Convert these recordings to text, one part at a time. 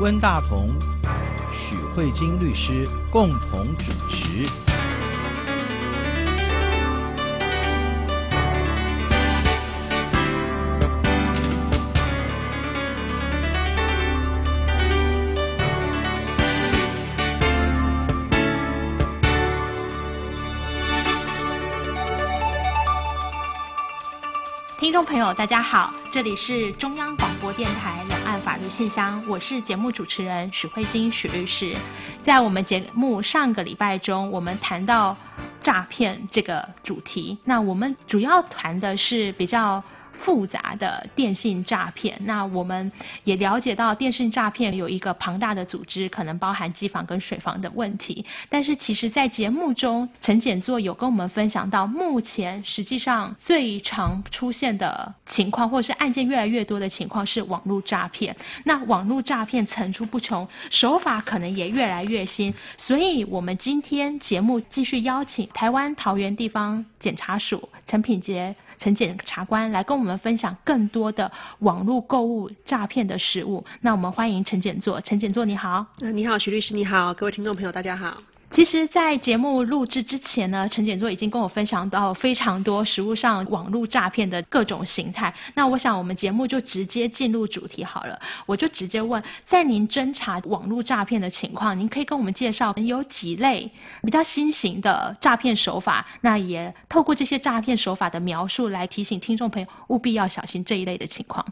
溫大同、許慧晶律師共同主持。朋友，大家好，這裡是中央廣播電台兩岸法律信箱，我是節目主持人許慧晶，許律師。在我們節目上個禮拜中，我們談到詐騙這個主題，那我們主要談的是比較。複雜的電信詐騙，那我們也了解到電信詐騙有一個龐大的組織，可能包含機房跟水房的問題。但是其實，在節目中，陳檢座有跟我們分享到，目前實際上最常出現的情況，或是案件越來越多的情況是網絡詐騙。那網絡詐騙層出不窮，手法可能也越來越新，所以我們今天節目繼續邀請台灣桃園地方檢察署陳品潔。陳檢察官來跟我們分享更多的網絡購物詐騙的實務，那我們歡迎陳檢座，陳檢座你好。嗯，你好，徐、呃、律師你好，各位聽眾朋友大家好。其實，在節目錄制之前呢，陳檢座已經跟我分享到非常多實務上網路詐騙的各種形態。那我想，我們節目就直接進入主題好了。我就直接問，在您偵查網路詐騙的情況，您可以跟我們介紹有幾類比較新型的詐騙手法。那也透過這些詐騙手法的描述，來提醒聽眾朋友，務必要小心這一類的情況。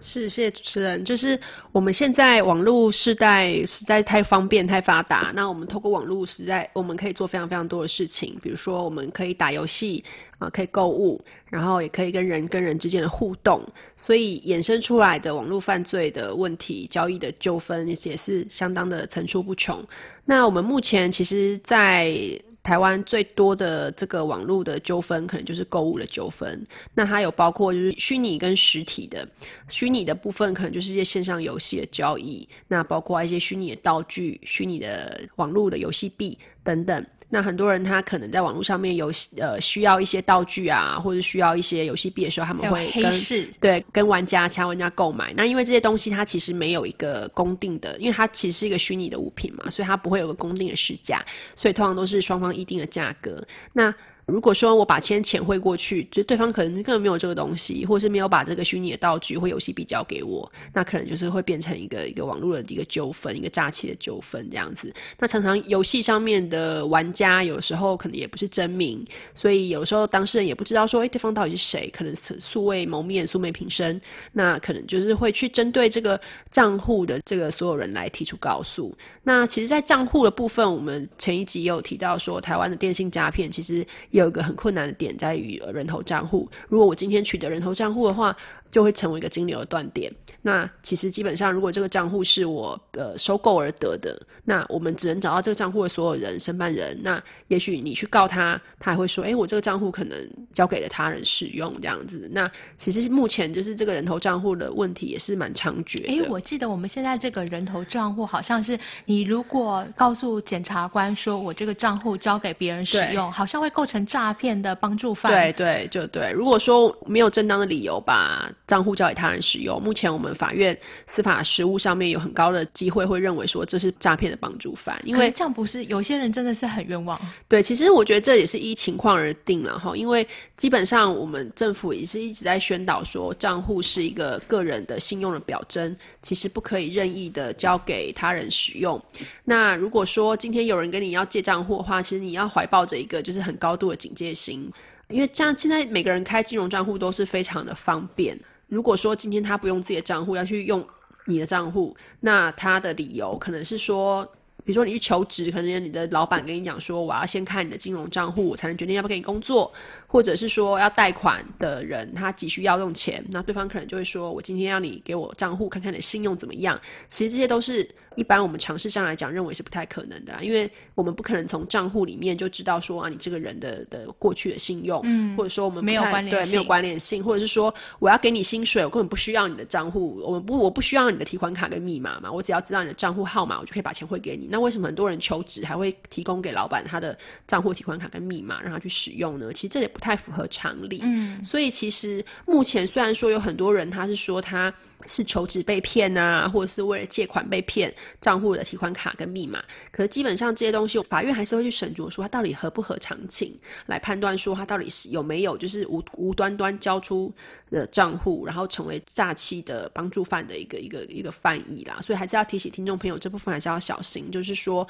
是，謝謝主持人。就是我們現在網絡世代實在太方便，太發達，那我們透過網絡實在我們可以做非常非常多的事情，比如說我們可以打遊戲啊，可以購物，然後也可以跟人跟人之間的互動，所以衍生出來的網絡犯罪的問題、交易的糾紛也是相當的層出不窮。那我們目前其實，在台灣最多的這個網絡的糾紛，可能就是購物的糾紛。那它有包括就是虛擬跟實體的，虛擬的部分可能就是一些線上遊戲的交易，那包括一些虛擬的道具、虛擬的網絡的遊戲幣等等。那很多人他可能在網絡上面有呃需要一些道具啊，或者需要一些遊戲幣的時候，他們會跟對跟玩家其他玩家購買。那因為這些東西它其實沒有一個公定的，因為它其實是一個虛擬的物品嘛，所以它不會有個公定的市價，所以通常都是雙方一定的價格。那如果說我把錢錢匯過去，就對方可能根本沒有這個東西，或是沒有把這個虛擬的道具或遊戲幣交給我，那可能就是會變成一個一個網絡的一個糾紛，一個詐欺的糾紛這樣子。那常常遊戲上面的玩家有時候可能也不是真名，所以有時候當事人也不知道說，哎、欸，對方到底是誰，可能素未謀面、素昧平生，那可能就是會去針對這個賬戶的這個所有人來提出告訴。那其實在賬戶的部分，我們前一集也有提到說，台灣的電信詐騙其實有。有一個很困難的點在於人頭賬戶。如果我今天取得人頭賬戶的話，就會成為一個金流的斷點。那其實基本上，如果這個賬戶是我呃收購而得的,那我們只能找到這個賬戶的所有人、申辦人。那也許你去告他，他還會說：哎、欸，我這個賬戶可能交給了他人使用這樣子。那其實目前就是這個人頭賬戶的問題也是蠻猖獗。哎、欸，我記得我們現在這個人頭賬戶好像是，你如果告訴檢察官說我這個賬戶交給別人使用，對好像會構成詐騙的幫助犯。對對，就對。如果說沒有正當的理由吧。賬戶交給他人使用，目前我們法院司法實務上面有很高的機會會認為說這是詐騙的幫助犯。因為這樣不是有些人真的是很冤枉？對，其實我覺得這也是依情況而定了。哈，因為基本上我們政府也是一直在宣導說賬戶是一個個人的信用的表徵，其實不可以任意的交給他人使用。那如果說今天有人跟你要借賬戶的話，其實你要懷抱着一個就是很高度的警戒心，因為這樣現在每個人開金融賬戶都是非常的方便。如果說今天他不用自己的賬戶，要去用你的賬戶，那他的理由可能是說，比如說你去求職，可能你的老闆跟你講說，我要先看你的金融賬戶，我才能決定要不要給你工作，或者是說要貸款的人，他急需要用錢，那對方可能就會說，我今天要你給我賬戶，看看你的信用怎麼樣，其實這些都是。一般我們常識上來講，認為是不太可能的啦，因為我們不可能從賬戶裡面就知道說啊，你這個人的的過去的信用，嗯，或者說我們沒有對沒有關聯性，性，或者是說我要給你薪水，我根本不需要你的賬戶，我們不我不需要你的提款卡跟密碼嘛，我只要知道你的賬戶號碼，我就可以把錢匯給你。那為什麼很多人求職還會提供給老闆他的賬戶、提款卡跟密碼，讓他去使用呢？其實這也不太符合常理。嗯，所以其實目前雖然說有很多人他是說他。是求職被騙吶、啊，或者是為了借款被騙賬戶的提款卡跟密碼，可是基本上這些東西，法院還是會去審酌說他到底合不合常情，來判斷說他到底是有沒有就是無無端端交出的賬戶然後成為詐欺的幫助犯的一個一個一個犯意啦。所以還是要提醒聽眾朋友這部分還是要小心，就是說，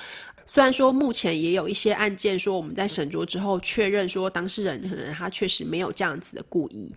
雖然說目前也有一些案件說我們在審酌之後確認說當事人可能他確實沒有這樣子的故意。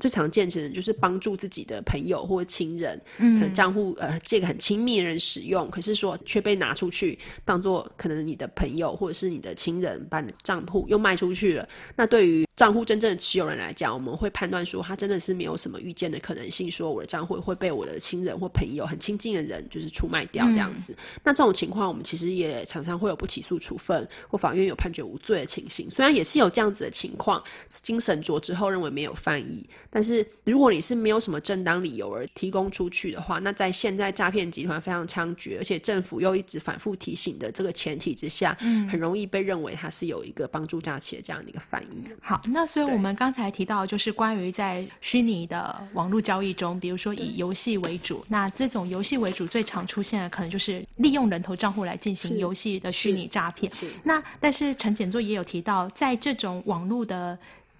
最常見的就是幫助自己的朋友或親人，嗯，可能賬戶呃借給很親密的人使用，可是說卻被拿出去當做，可能你的朋友或者是你的親人把你的賬戶又賣出去了。那對於賬戶真正的持有人來講，我們會判斷說他真的是沒有什麼預見的可能性，說我的賬戶會被我的親人或朋友很親近的人就是出賣掉這樣子。嗯、那這種情況我們其實也常常會有不起訴處分或法院有判決無罪的情形。雖然也是有這樣子的情況，經審酌之後認為沒有犯意，但是如果你是沒有什麼正當理由而提供出去的話，那在現在詐騙集團非常猖獗，而且政府又一直反復提醒的這個前提之下，嗯，很容易被認為它是有一個幫助詐欺的這樣的一個反應。好，那所以我們剛才提到，就是關於在虛擬的網絡交易中，對比如說以遊戲為主，對那這種遊戲為主最常出現的可能就是利用人頭賬戶來進行遊戲的虛擬詐騙。是。是那但是陳檢座也有提到，在這種網絡的。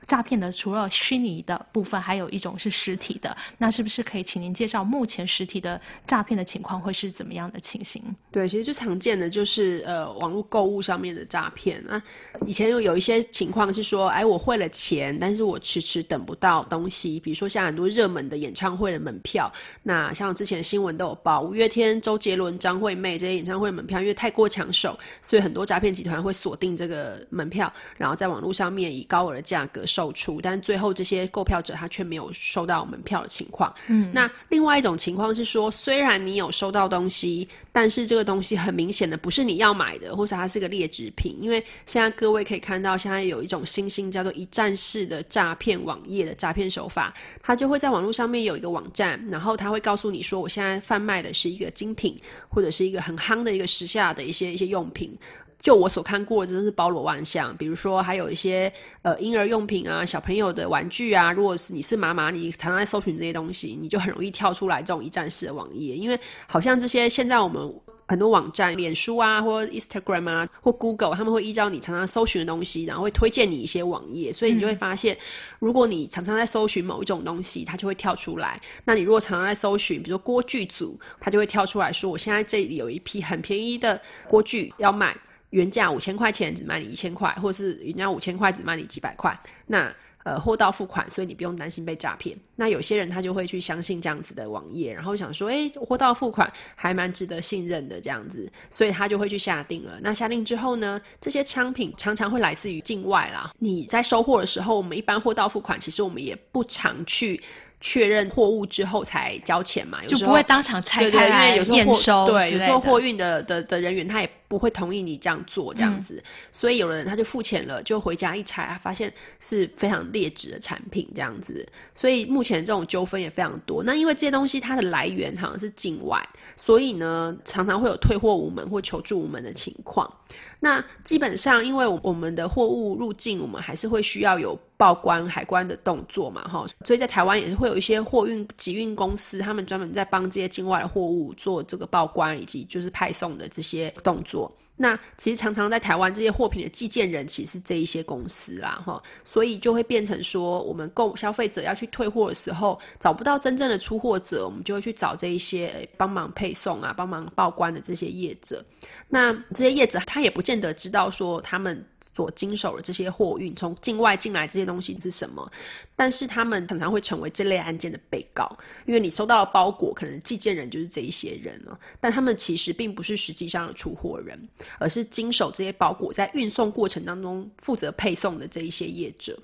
詐騙的除了虛擬的部分，還有一種是實體的。那是不是可以請您介紹目前實體的詐騙的情況會是怎麼樣的情形？對，其實最常見的就是呃網絡購物上面的詐騙啊。那以前有有一些情況是說，哎，我匯了錢，但是我遲遲等不到東西。比如說像很多熱門的演唱會的門票，那像之前新聞都有報，五月天、周杰倫、張惠妹這些演唱會的門票因為太過搶手，所以很多詐騙集團會鎖定這個門票，然後在網絡上面以高額的價格。售出，但最後這些購票者他卻沒有收到門票的情況。嗯，那另外一種情況是說，雖然你有收到東西，但是這個東西很明顯的不是你要買的，或者它是個劣質品。因為現在各位可以看到，現在有一種新興叫做一站式的詐騙網頁的詐騙手法，它就會在網絡上面有一個網站，然後他會告訴你說，我現在販賣的是一個精品，或者是一個很夯的一個時下的一些一些用品。就我所看過的，真的是包羅萬象。比如說，還有一些呃嬰兒用品啊、小朋友的玩具啊。如果是你是媽媽，你常常在搜尋這些東西，你就很容易跳出來這種一站式的網頁。因為好像這些現在我們很多網站，臉書啊，或 Instagram 啊，或 Google，他們會依照你常常搜尋的東西，然後會推薦你一些網頁。所以你就會發現，嗯、如果你常常在搜尋某一種東西，它就會跳出來。那你如果常常在搜尋，比如說鍋具組，它就會跳出來說，我現在這裡有一批很便宜的鍋具要賣。原價五千塊錢只賣你一千塊，或是原價五千塊只賣你幾百塊，那呃貨到付款，所以你不用擔心被詐騙。那有些人他就會去相信這樣子的網頁，然後想說，誒、欸、貨到付款還蠻值得信任的這樣子，所以他就會去下定了。那下定之後呢，這些商品常常會來自於境外啦。你在收貨的時候，我們一般貨到付款，其實我們也不常去。確認貨物之後才交錢嘛，就不會當場拆開貨，啊、驗收對，有時候貨運的的的人員他也不會同意你這樣做這樣子，嗯、所以有的人他就付錢了，就回家一拆發現是非常劣質的產品這樣子，所以目前這種糾紛也非常多。那因為這些東西它的來源好像是境外，所以呢常常會有退貨無門或求助無門的情況。那基本上因為我們的貨物入境，我們還是會需要有。報關海關的動作嘛，哈，所以在台灣也是會有一些貨運集運公司，他們專門在幫這些境外貨物做這個報關以及就是派送的這些動作。那其實常常在台灣這些貨品的寄件人，其實是這一些公司啦，哈，所以就會變成說，我們購消費者要去退貨的時候，找不到真正的出貨者，我們就會去找這一些幫忙配送啊、幫忙報關的這些業者。那這些業者他也不見得知道說他們。所經手的這些貨運從境外進來這些東西是什麼？但是他們常常會成為這類案件的被告，因為你收到的包裹可能寄件人，就是這一些人啊，但他們其實並不是實際上的出貨人，而是經手這些包裹在運送過程當中負責配送的這一些業者。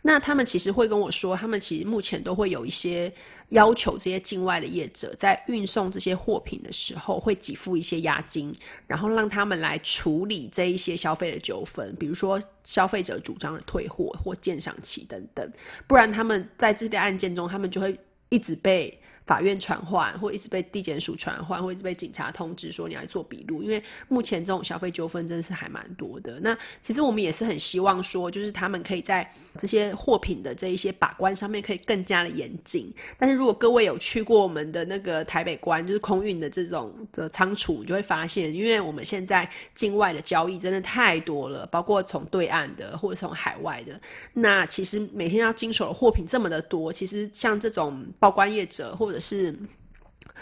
那他們其實會跟我說，他們其實目前都會有一些要求，這些境外的業者在運送這些貨品的時候會給付一些押金，然後讓他們來處理這一些消費的糾紛，比如。說消費者主張的退貨或鑑賞期等等，不然他們在這個案件中，他們就會一直被法院傳喚，或一直被地檢署傳喚，或者被警察通知說你來做筆錄，因為目前這種消費糾紛真的是還蠻多的。那其實我們也是很希望說，就是他們可以在這些貨品的這一些把關上面可以更加的嚴謹。但是如果各位有去過我們的那個台北關，就是空運的這種的倉儲，你就會發現，因為我們現在境外的交易真的太多了，包括從對岸的或者從海外的，那其實每天要經手的貨品這麼的多，其實像這種報關業者或者是。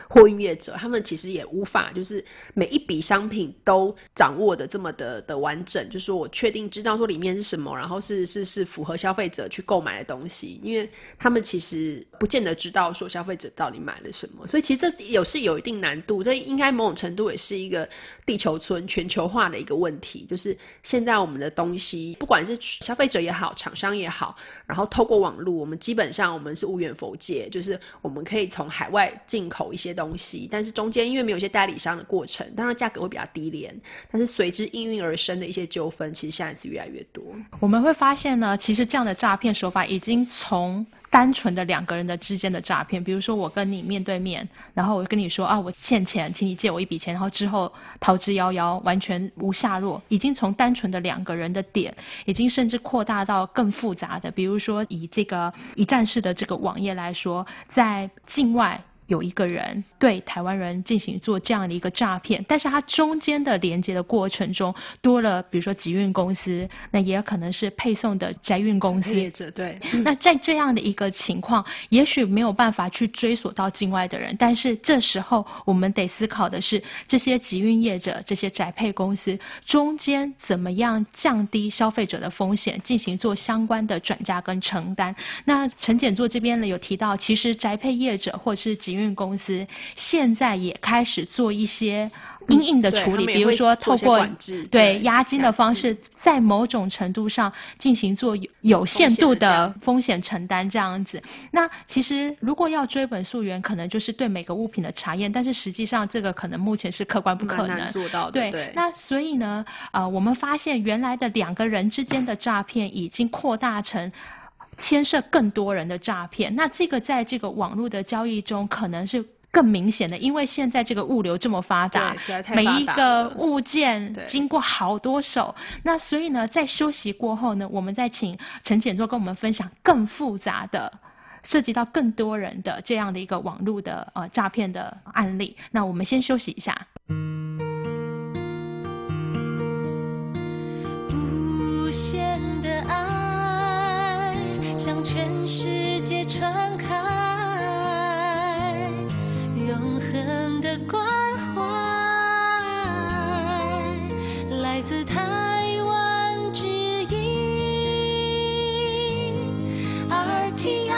貨運業者，他們其實也無法，就是每一筆商品都掌握的這麼的的完整，就是我確定知道說裡面是什麼，然後是是是符合消費者去購買的東西，因為他們其實不見得知道說消費者到底買了什麼，所以其實這有是有一定難度，這應該某種程度也是一個地球村全球化的一個問題，就是現在我們的東西，不管是消費者也好，廠商也好，然後透過網絡，我們基本上我們是無遠弗屆，就是我們可以從海外進口一些些東西，但是中間因為沒有一些代理商的過程，當然價格會比較低廉，但是隨之應運而生的一些糾紛，其實現在是越來越多。我們會發現呢，其實這樣的詐騙手法已經從單純的兩個人的之間的詐騙，比如說我跟你面對面，然後我跟你說啊，我欠錢，請你借我一筆錢，然後之後逃之夭夭，完全無下落，已經從單純的兩個人的點，已經甚至擴大到更複雜的，比如說以這個一站式的這個網頁來說，在境外。有一個人對台灣人進行做這樣的一個詐騙，但是它中間的連接的過程中多了，比如說集運公司，那也可能是配送的宅運公司業者對。嗯、那在這樣的一個情況，也許沒有辦法去追索到境外的人，但是這時候我們得思考的是，這些集運業者、這些宅配公司中間怎麼樣降低消費者的風險，進行做相關的轉嫁跟承擔。那陳檢座這邊呢，有提到，其實宅配業者或是集運公司現在也開始做一些因應的處理，比如說透過對押金的方式，在某種程度上進行做有限度的風險承擔這樣子。那其實如果要追本溯源，可能就是對每個物品的查驗，但是實際上這個可能目前是客觀不可能做到的。對，那所以呢，呃，我們發現原來的兩個人之間的詐騙已經擴大成牽涉更多人的詐騙，那這個在這個網絡的交易中，可能是更明顯的，因為現在這個物流這麼發達，對，太發達了。每一個物件經過好多手，對那所以呢，在休息過後呢，我們再請陳檢座跟我們分享更複雜的，涉及到更多人的這樣的一個網絡的呃詐騙的案例。那我們先休息一下。全世界傳開，永恆的關懷來自台灣之音 RTI。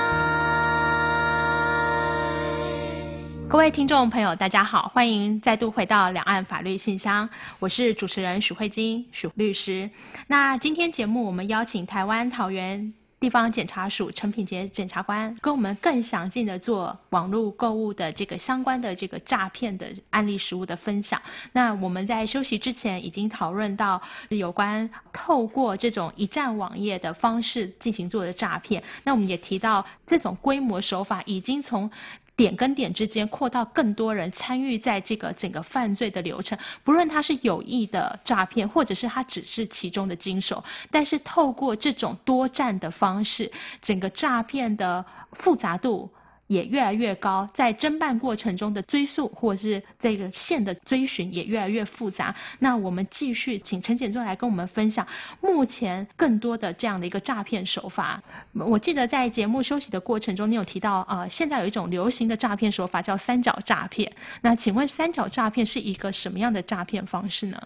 各位聽眾朋友，大家好，歡迎再度回到《兩岸法律信箱》，我是主持人許慧晶，許律師。那今天節目我們邀請台灣桃園。地方檢察署陳品潔檢察官跟我們更詳盡的做網絡購物的這個相關的這個詐騙的案例實務的分享。那我們在休息之前已經討論到有關透過這種一站網頁的方式進行做的詐騙。那我們也提到這種規模手法已經從。點跟點之間擴到更多人參與在這個整個犯罪的流程，不論他是有意的詐騙，或者是他只是其中的經手，但是透過這種多站的方式，整個詐騙的複雜度也越來越高，在偵辦過程中的追溯或者是這個線的追尋也越來越複雜。那我們繼續請陳檢助來跟我們分享目前更多的這樣的一個詐騙手法。我記得在節目休息的過程中，你有提到啊、呃，現在有一種流行的詐騙手法叫三角詐騙。那請問三角詐騙是一個什麼樣的詐騙方式呢？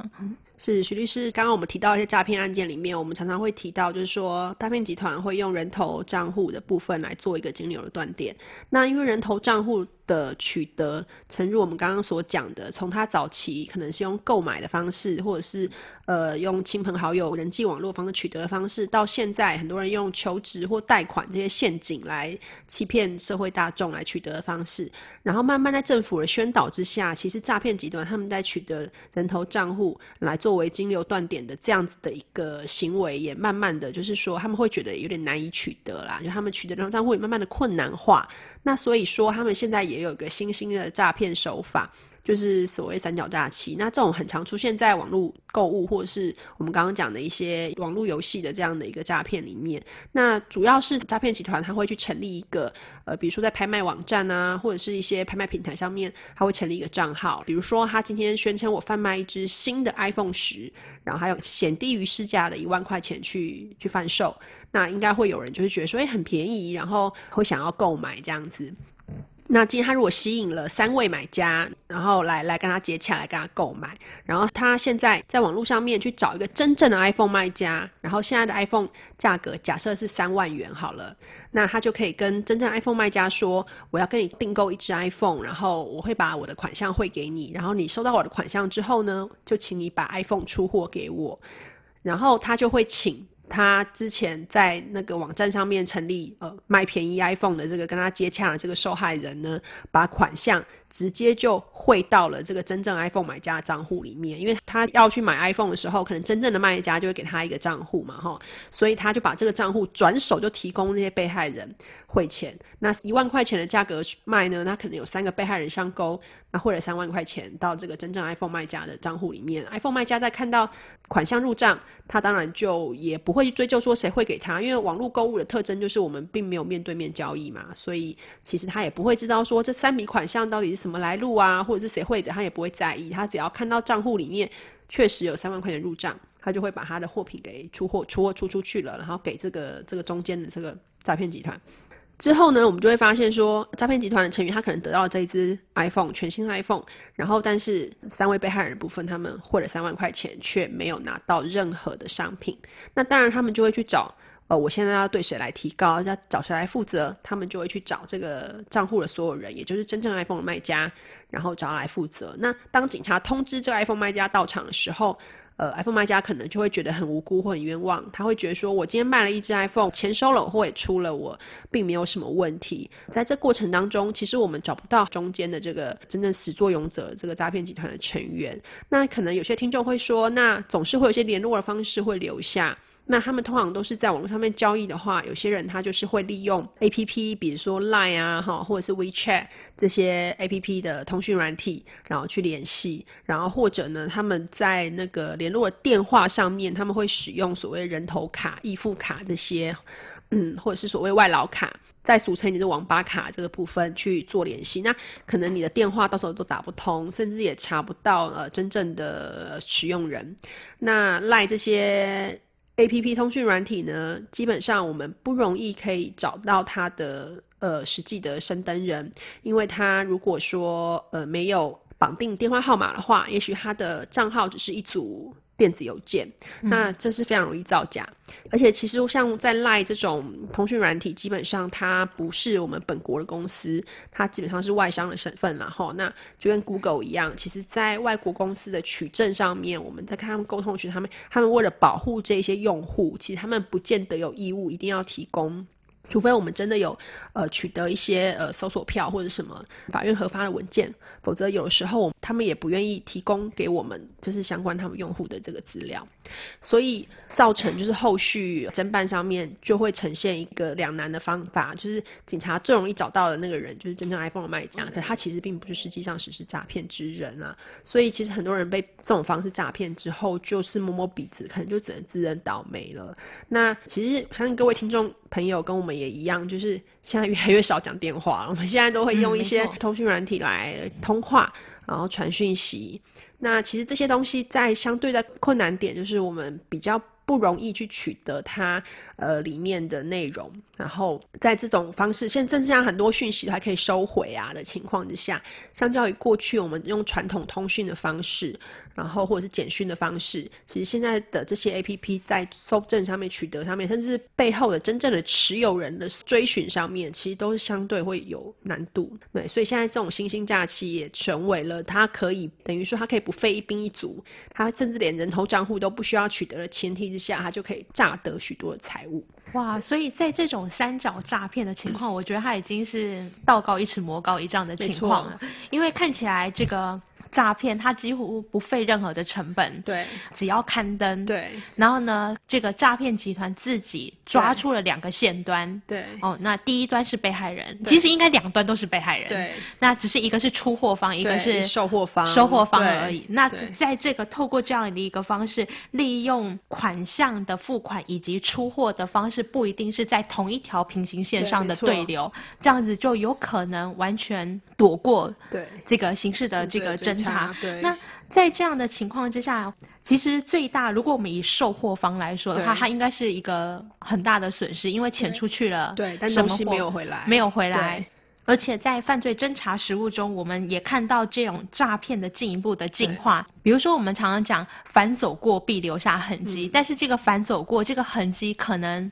是徐律師，剛剛我們提到一些詐騙案件裡面，我們常常會提到，就是說詐騙集團會用人頭賬戶的部分來做一個金流的斷點。那因為人頭賬戶。的取得，誠如我們剛剛所講的，從他早期可能是用購買的方式，或者是呃用親朋好友、人際網絡方式取得的方式，到現在很多人用求職或貸款這些陷阱來欺騙社會大眾來取得的方式，然後慢慢在政府的宣導之下，其實詐騙集團他們在取得人頭賬戶來作為金流斷點的這樣子的一個行為，也慢慢的就是說他們會覺得有點難以取得啦，因為他們取得人頭賬戶也慢慢的困難化，那所以說他們現在也。也有一個新興的詐騙手法，就是所謂三角詐欺。那這種很常出現在網絡購物，或者是我們剛剛講的一些網絡遊戲的這樣的一個詐騙裡面。那主要是詐騙集團，他會去成立一個呃，比如說在拍賣網站啊，或者是一些拍賣平台上面，他會成立一個賬號。比如說他今天宣稱我販賣一支新的 iPhone 十，然後還有顯低於市價的一萬塊錢去去販售，那應該會有人就是覺得說，哎、欸，很便宜，然後會想要購買這樣子。那今天他如果吸引了三位買家，然後來來跟他接洽來，來跟他購買，然後他現在在網絡上面去找一個真正的 iPhone 賣家，然後現在的 iPhone 價格假設是三萬元好了，那他就可以跟真正 iPhone 賣家說，我要跟你訂購一支 iPhone，然後我會把我的款項匯給你，然後你收到我的款項之後呢，就請你把 iPhone 出貨給我，然後他就會請。他之前在那個網站上面成立，呃，賣便宜 iPhone 的這個跟他接洽的這個受害人呢，把款項。直接就匯到了這個真正 iPhone 買家的賬戶裡面，因為他要去買 iPhone 的時候，可能真正的賣家就會給他一個賬戶嘛，哈，所以他就把這個賬戶轉手就提供那些被害人匯錢，那一萬塊錢的價格賣呢，他可能有三個被害人上鈎，那匯了三萬塊錢到這個真正 iPhone 賣家的賬戶裡面，iPhone 賣家在看到款項入賬，他當然就也不會去追究說誰匯給他，因為網絡購物的特徵就是我們並沒有面對面交易嘛，所以其實他也不會知道說這三筆款項到底是。什麼來路啊，或者是誰匯的，他也不會在意。他只要看到賬戶裡面確實有三萬塊錢入賬，他就會把他的貨品給出貨，出貨出出去了，然後給這個這個中間的這個詐騙集團。之後呢，我們就會發現說，詐騙集團的成員他可能得到這一支 iPhone 全新 iPhone，然後但是三位被害人的部分他們匯了三萬塊錢卻沒有拿到任何的商品，那當然他們就會去找。呃，我現在要對誰來提告？要找誰來負責？他們就會去找這個賬戶的所有人，也就是真正 iPhone 的賣家，然後找他來負責。那當警察通知這個 iPhone 賣家到場的時候，呃，iPhone 賣家可能就會覺得很無辜或很冤枉，他會覺得說：我今天賣了一只 iPhone，錢收了，貨也出了我，我並沒有什麼問題。在這過程當中，其實我們找不到中間的這個真正始作俑者，這個詐騙集團的成員。那可能有些聽眾會說：那總是會有些聯絡的方式會留下。那他們通常都是在網絡上面交易的話，有些人他就是會利用 APP，比如說 Line 啊，哈，或者是 WeChat 這些 APP 的通訊軟體，然後去聯繫，然後或者呢，他們在那個聯絡的電話上面，他們會使用所謂人頭卡、易付卡這些，嗯，或者是所謂外勞卡，再俗稱你的網吧卡這個部分去做聯繫，那可能你的電話到時候都打不通，甚至也查不到呃真正的使用人，那 Line 這些。APP 通訊軟體呢，基本上我們不容易可以找到它的呃實際的申登人，因為它如果說呃沒有綁定電話號碼的話，也許它的賬號只是一組。電子郵件，那這是非常容易造假，嗯、而且其實像在 Line 這種通訊軟體，基本上它不是我們本國的公司，它基本上是外商的身份啦齁。那就跟 Google 一樣，其實在外國公司的取證上面，我們在跟他們溝通的時候，他們他們為了保護這些用戶，其實他們不見得有義務一定要提供。除非我們真的有，呃，取得一些呃搜索票或者什麼法院核發的文件，否則有的時候他們也不願意提供給我們，就是相關他們用戶的這個資料，所以造成就是後續偵辦上面就會呈現一個兩難的方法，就是警察最容易找到的那個人就是真正 iPhone 的賣家，可他其實並不是實際上實施詐騙之人啊，所以其實很多人被這種方式詐騙之後，就是摸摸鼻子，可能就只能自認倒霉了。那其實相信各位聽眾朋友跟我們。也一樣，就是現在越來越少講電話，我們現在都會用一些通訊軟體來通話，然後傳訊息。嗯、那其實這些東西在相對的困難點，就是我們比較不容易去取得它呃裡面的內容。然後在這種方式，現在甚至像很多訊息還可以收回啊的情況之下，相較於過去我們用傳統通訊的方式。然後或者是簡訊的方式，其實現在的這些 A P P 在搜證上面，取得上面，甚至背後的真正的持有人的追尋上面，其實都是相對會有難度。對，所以現在這種新興假期也成為了他可以等於說他可以不費一兵一卒，他甚至連人頭賬戶都不需要取得的前提之下，他就可以詐得許多的財物。哇，所以在這種三角詐騙的情況， 我覺得它已經是道高一尺，魔高一丈的情況了。錯因為看起來這個。詐騙，他幾乎不費任何的成本，對，只要刊登，對，然後呢，這個詐騙集團自己抓出了兩個線端，對，哦，那第一端是被害人，其實應該兩端都是被害人，對，那只是一個是出貨方，一個是收貨方，收貨方而已。那在這個透過這樣的一個方式，利用款項的付款以及出貨的方式，不一定是在同一條平行線上的對流，這樣子就有可能完全躲過對這個形式的這個偵。啊，對。那在這樣的情況之下，其實最大，如果我們以售貨方來說的話，對它應該是一個很大的損失，因為錢出去了，對，對，但東西沒有回來，沒有回來。對而且在犯罪偵查實務中，我們也看到這種詐騙的進一步的進化。對比如說，我們常常講“凡走過必留下痕跡”，嗯、但是這個“凡走過”這個痕跡可能。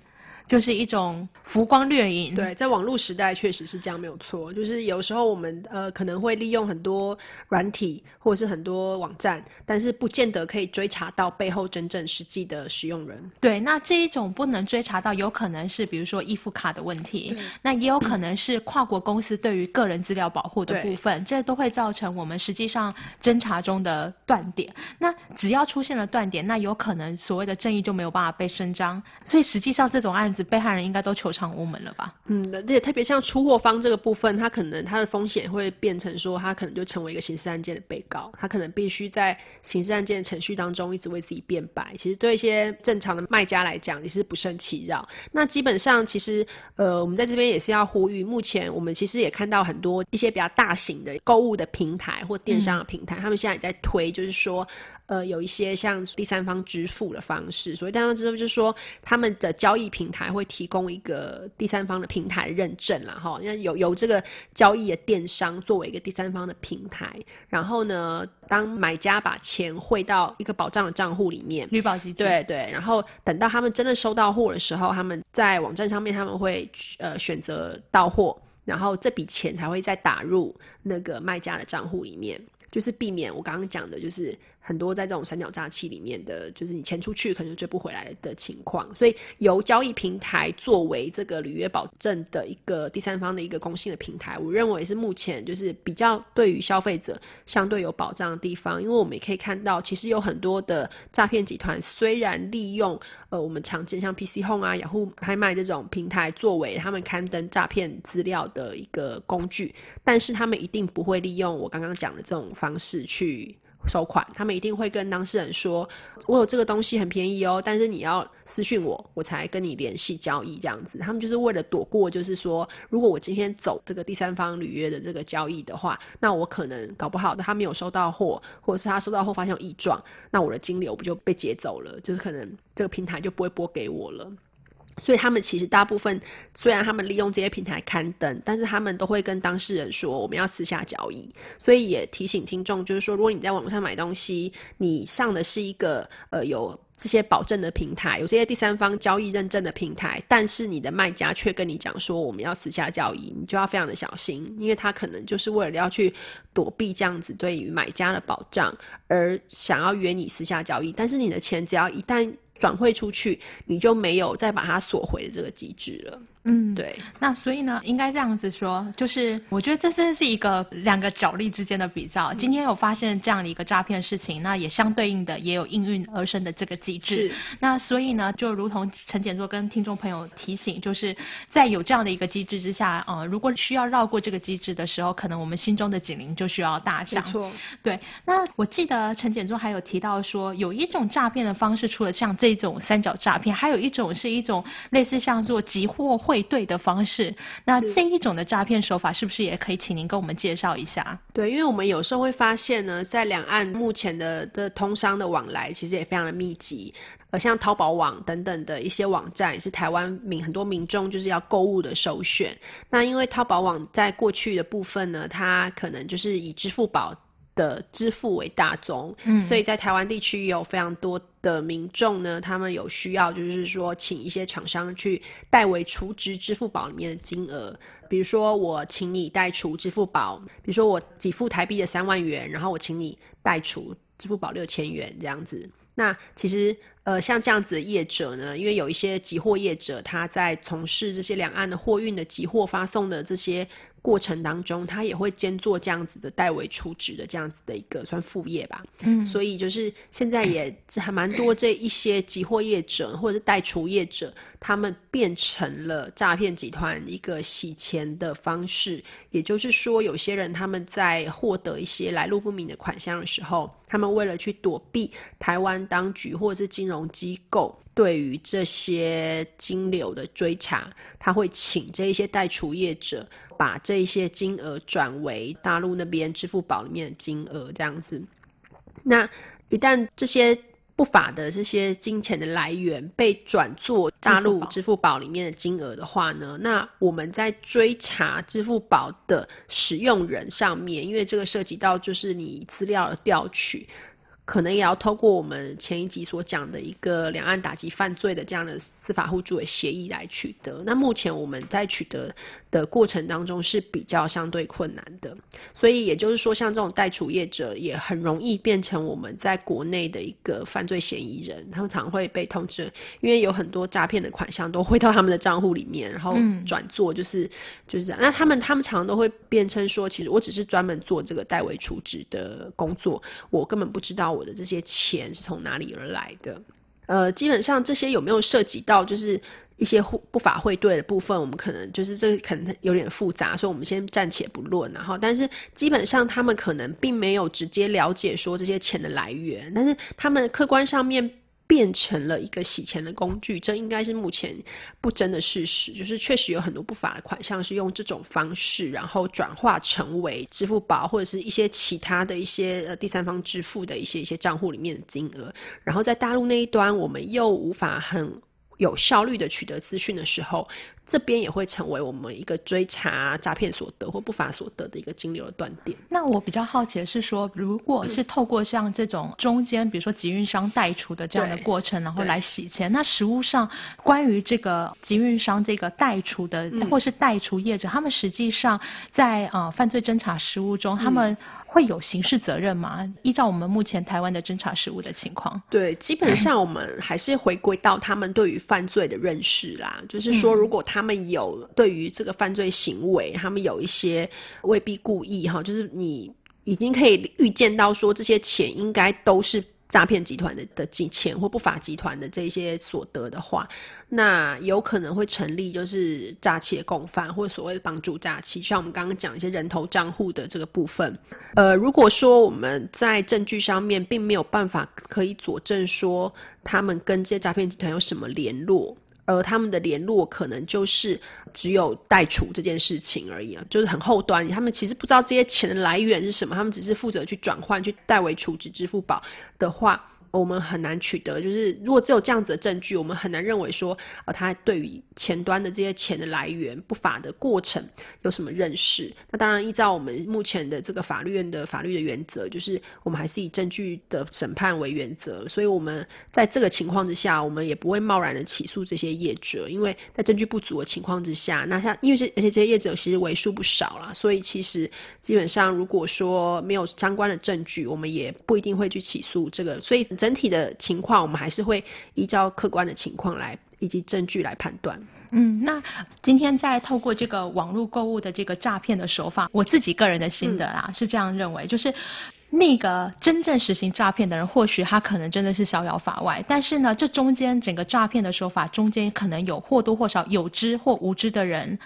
就是一種浮光掠影，對，在網絡時代確實是這樣，沒有錯。就是有時候我們呃可能會利用很多軟體或者是很多網站，但是不見得可以追查到背後真正實際的使用人。對，那這一種不能追查到，有可能是比如說易付卡的問題，對那也有可能是跨國公司對於個人資料保護的部分，對這都會造成我們實際上偵查中的斷點。那只要出現了斷點，那有可能所謂的正義就沒有辦法被伸張，所以實際上這種案。被害人應該都求償無門了吧？嗯，而且特別像出貨方這個部分，他可能他的風險會變成說，他可能就成為一個刑事案件的被告，他可能必須在刑事案件程序當中一直為自己辯白。其實對一些正常的賣家來講，也是不勝其擾。那基本上，其實呃，我們在這邊也是要呼籲，目前我們其實也看到很多一些比較大型的購物的平台或電商的平台，嗯、他們現在也在推，就是說。呃，有一些像第三方支付的方式，所謂第三方支付就是說，他們的交易平台會提供一個第三方的平台認證啦，哈，因為由由這個交易的電商作為一個第三方的平台，然後呢，當買家把錢匯到一個保障的賬戶裡面，綠寶基金，對對，然後等到他們真的收到貨的時候，他們在網站上面他們會呃選擇到貨，然後這筆錢才會再打入那個賣家的賬戶裡面。就是避免我剛剛講的，就是很多在這種三角詐欺裡面的，就是你錢出去可能就追不回來的情況。所以由交易平台作為這個履約保證的一個第三方的一個公信的平台，我認為是目前就是比較對於消費者相對有保障的地方。因為我們也可以看到，其實有很多的詐騙集團雖然利用呃我們常見像 PC Home 啊、雅虎奇摩拍賣這種平台作為他們刊登詐騙資料的一個工具，但是他們一定不會利用我剛剛講的這種。方式去收款，他們一定會跟當事人說，我有這個東西很便宜哦，但是你要私訊我，我才跟你聯繫交易這樣子。他們就是為了躲過，就是說，如果我今天走這個第三方履約的這個交易的話，那我可能搞不好他沒有收到貨，或者是他收到貨發現有異狀，那我的金流不就被劫走了？就是可能這個平台就不會撥給我了。所以他們其實大部分，雖然他們利用這些平台刊登，但是他們都會跟當事人說我們要私下交易。所以也提醒聽眾，就是說如果你在網上買東西，你上的是一個呃有這些保證的平台，有這些第三方交易認證的平台，但是你的賣家卻跟你講說我們要私下交易，你就要非常的小心，因為他可能就是為了要去躲避這樣子對於買家的保障，而想要約你私下交易，但是你的錢只要一旦。轉匯出去，你就沒有再把它鎖回這個機制了。嗯，對。那所以呢，應該這樣子說，就是我覺得這真是一個兩個角力之間的比較。嗯、今天有發現這樣的一個詐騙事情，那也相對應的也有應運而生的這個機制。是。那所以呢，就如同陳檢座跟聽眾朋友提醒，就是在有這樣的一個機制之下，啊、呃，如果需要繞過這個機制的時候，可能我們心中的警鈴就需要大響。沒錯。對。那我記得陳檢座還有提到說，有一種詐騙的方式，除了像這種三角詐騙，還有一種是一種類似像做集貨會。匯兌的方式，那這一種的詐騙手法是不是也可以請您跟我們介紹一下？嗯，對，因為我們有時候會發現呢，在兩岸目前的的通商的往來其實也非常的密集，呃，像淘寶網等等的一些網站也是台灣民很多民眾就是要購物的首選。那因為淘寶網在過去的部分呢，它可能就是以支付寶。的支付為大宗，嗯，所以在台灣地區有非常多的民眾呢，他們有需要，就是說請一些廠商去代為儲值支付寶裡面的金額，比如說我請你代儲支付寶，比如說我給付台幣的三萬元，然後我請你代儲支付寶六千元這樣子，那其實。呃，像這樣子的業者呢，因為有一些集貨業者，他在從事這些兩岸的貨運的集貨發送的這些過程當中，他也會兼做這樣子的代為處置的這樣子的一個算副業吧。嗯。所以就是現在也還蠻多這一些集貨業者或者是代儲業者，他們變成了詐騙集團一個洗錢的方式。也就是說，有些人他們在獲得一些來路不明的款項的時候，他們為了去躲避台灣當局或者是金融，金融機構對於這些金流的追查，他會請這一些代儲業者把這一些金額轉為大陸那邊支付寶裡面的金額，這樣子。那一旦這些不法的這些金錢的來源被轉做大陸支付寶裡面的金額的話呢，那我們在追查支付寶的使用人上面，因為這個涉及到就是你資料的調取。可能也要透過我們前一集所講的一個兩岸打擊犯罪的這樣的，司法互助的協議來取得，那目前我們在取得的過程當中是比較相對困難的，所以也就是說，像這種代儲業者也很容易變成我們在國內的一個犯罪嫌疑人，他們常會被通知，因為有很多詐騙的款項都匯到他們的賬戶裡面，然後轉做就是、嗯、就是這樣，那他們他們常常都會辯稱說，其實我只是專門做這個代為儲值的工作，我根本不知道我的這些錢是從哪裡而來的。呃，基本上這些有沒有涉及到就是一些不法匯兌的部分，我們可能就是這個可能有點複雜，所以我們先暫且不論。然後但是基本上他們可能並沒有直接了解說這些錢的來源，但是他們客觀上面。變成了一個洗錢的工具，這應該是目前不爭的事實。就是確實有很多不法的款項是用這種方式，然後轉化成為支付寶或者是一些其他的一些，呃，第三方支付的一些一些賬戶裡面的金額。然後在大陸那一端，我們又無法很有效率的取得資訊的時候。這邊也會成為我們一個追查詐騙所得或不法所得的一個金流的斷點。那我比較好奇的是說，如果是透過像這種中間，比如說集運商代儲的這樣的過程，對然後來洗錢，對那實務上關於這個集運商這個代儲的、嗯、或是代儲業者，他們實際上在呃犯罪偵查實務中，他們會有刑事責任嗎？嗯、依照我們目前台灣的偵查實務的情況，對，基本上我們還是回歸到他們對於犯罪的認識啦，嗯、就是說如果他們、嗯。他們有對於這個犯罪行為，他們有一些未必故意哈，就是你已經可以預見到說這些錢應該都是詐騙集團的的錢或不法集團的這些所得的話，那有可能會成立就是詐欺的共犯或所謂的幫助詐欺。就像我們剛剛講一些人頭賬戶的這個部分，呃，如果說我們在證據上面並沒有辦法可以佐證說他們跟這些詐騙集團有什麼聯絡。而他們的聯絡可能就是只有代儲這件事情而已啊，就是很後端，他們其實不知道這些錢的來源是什麼，他們只是負責去轉換、去代為儲值。支付寶的話。我們很難取得，就是如果只有這樣子的證據，我們很難認為說，呃，他對於前端的這些錢的來源，不法的過程有什麼認識。那當然，依照我們目前的這個法律院的法律的原則，就是我們還是以證據的審判為原則。所以，我們在這個情況之下，我們也不會貿然的起訴這些業者，因為在證據不足的情況之下，那像因為這而且這些業者其實為數不少啦。所以其實基本上如果說沒有相關的證據，我們也不一定會去起訴這個。所以。整體的情況，我們還是會依照客觀的情況來以及證據來判斷。嗯，那今天在透過這個網絡購物的這個詐騙的手法，我自己個人的心得啊、嗯、是這樣認為，就是那個真正實行詐騙的人，或許他可能真的是逍遙法外，但是呢，這中間整個詐騙的手法中間可能有或多或少有知或無知的人，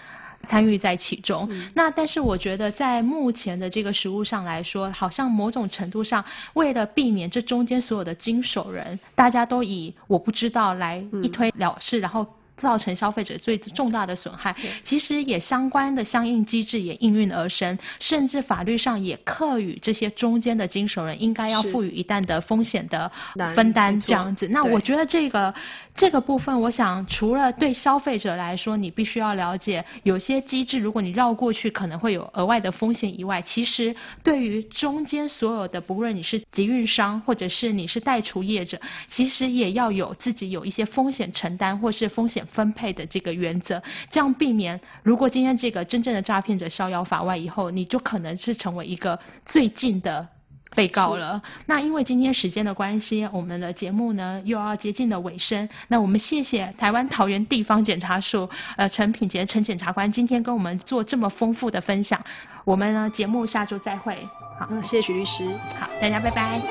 參與在其中，嗯、那但是我覺得在目前的這個實務上來說，好像某種程度上，為了避免這中間所有的經手人，大家都以我不知道來一推了事，嗯、然後。造成消費者最重大的損害，其實也相關的相應機制也應運而生，甚至法律上也課予，這些中間的經手人應該要賦予一定的風險的分擔這樣子。那我覺得這個這個部分，我想除了對消費者來說你必須要了解有些機制，如果你繞過去可能會有額外的風險以外，其實對於中間所有的，不論你是集運商或者是你是代儲業者，其實也要有自己有一些風險承擔或是風險。分配的這個原則，這樣避免，如果今天這個真正的詐騙者逍遙法外以後，你就可能是成為一個最近的被告了。是那因為今天時間的關係，我們的節目呢又要接近了尾聲，那我們謝謝台灣桃園地方檢察署呃陳品潔陳檢察官今天跟我們做這麼豐富的分享，我們呢節目下週再會。好，嗯，謝謝徐律師。好，大家拜拜。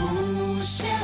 嗯